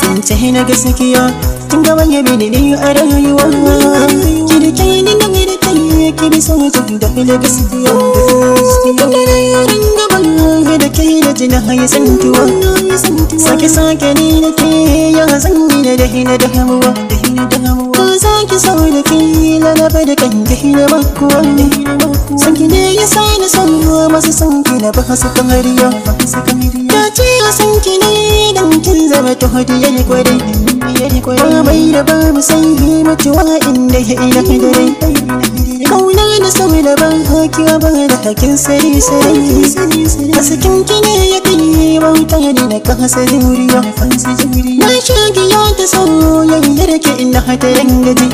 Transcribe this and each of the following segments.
zance na gaskiya kin ga wani bini ne a rayuwa kirkai ni na mai da kai ki bi so ta da ile gaskiya kana yaran gaban da kai da jina sake sake ni da ke ya zanni da dahina da hamuwa dahina da zaki sau da kila na bada da hina makuwa san ki ne ya sa son ruwa masu sanki ki na ba su kan ta ce a san ki ne dan kin zama ta hudu ya yi kwari ba mai da ba mu san yi wa inda ya ila dare kauna na sau da ban hakiwa ba da hakin sai sai a sakin ki ne ya kai ta yadda na kasa juriya na sha giya ta sauro yayyar ke ina ta rangaji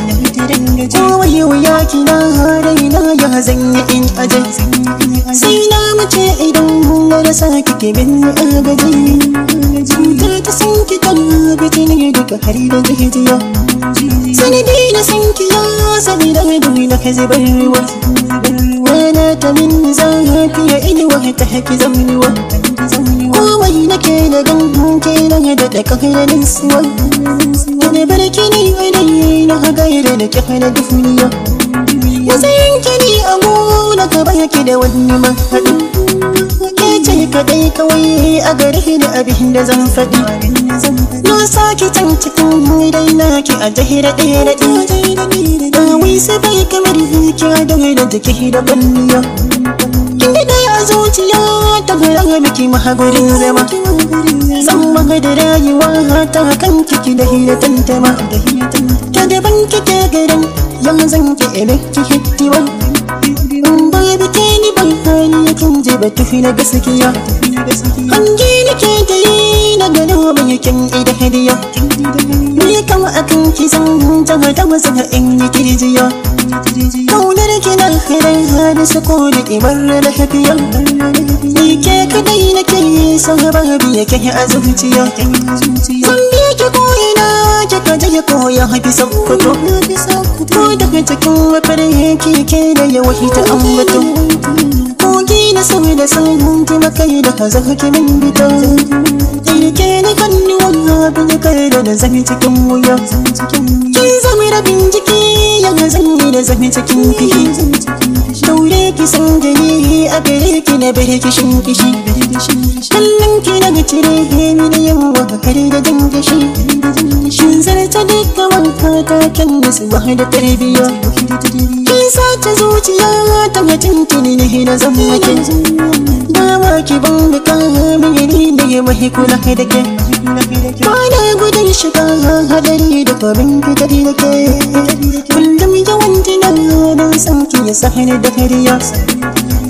ko waye wuya kina na ya zan yi in aje sai na mace idan na rasa kike a agaji cuta ta san ki kan bikini duka har da jijiya sanadi na san ki ya sabida duniya ka zubar ruwa ta min zafi ya inuwa ta haki zamniwa wai nake da gangan ke da ya da kahira nisuwa wani barki ne wani na hagayar da kahira duniya wasan kini a gona ka baya ki da wani mahaɗi ke ce kadai kawai a gari da abin da zan faɗi na sake can cikin dai naki a jahira ɗaya da ɗaya wai su bai kamar hikiya da da jiki da banniya zuciya ta gura miki mahagurin zama zan maga da rayuwa hata kan kiki da hilatan ta ma ta daban kike garin yamma zan ki ebe ki hittiwa in ba bike ni ban hali kan je ba tufi na gaskiya hange ni ke yi na gano mai yakin ida hadiya in ki san ta ga tabbas in yi kirjiya kaunar ki na khairar hada sako da kimar lafiya ni ke kadai nake yi san babu yake a zuciya Zan biya ki koyi na ka je koya haifi sakkuto ko daga cikin wafarin yake ke da yawa ta ambato kogi na sau da sun hunti makai da kaza min bita da da zami cikin wuya kin zami rabin jiki yana zami da zami cikin fiye daure ki san jini a gare ki na bare ki shin kishi kallon ki daga cire da yawa ka kare da jan gashi shin zarta ka wanka ta kyan nasu da Kin sa sace zuciya ta ni tuntuni na hina zan makin dama ki ban da bigiri bige mahi kula kai da ke Bana gudun shiga hadari da farin fitar da ke Kullum yawan tunan don sauki ya sahani da kariya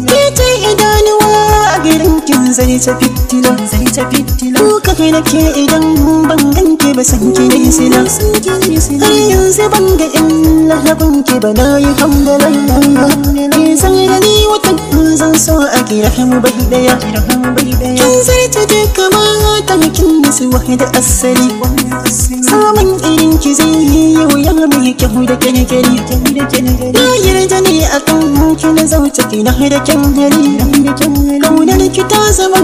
Kece idanuwa a garin kin zai ta fitila Kuka kai da ke idan ban ganke ba san ki ne sila Har yanzu ban ga in lahabin ki ba na yi hamdala Ne zan gani wata zan so a ki zaita baki daya kin zarta da kamara ta kin nasu asali samun irin ki zai yi yau ya mai kyau da kyan gari na yarda ne akan ki na zauce ki na hada kyan hali kaunar ki ta zama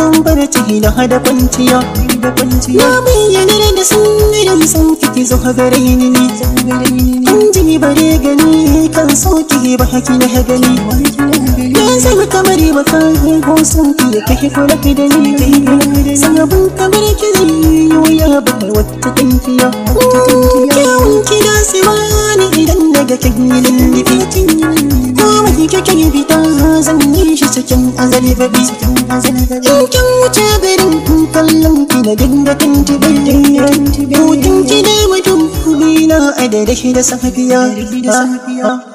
don barci na hada kwanciya na bayyana da sun irin sun kiki zo gare ni ne an ji bare gani kan sauki ba haki na gani Idan kamar yi kamari ba fahim eh, ko san ki kake kula ki da ni Sai abin kamar ki zai yi wuya ba wata tankiya Kyawun ki da siwa ne idan daga kin yi lullufi Kawai kake bi ta zan yi shi cikin azali ba bi In kin wuce garin kallon ki na dinga tuntuɓe Hutun ki da mutum na a da da safiya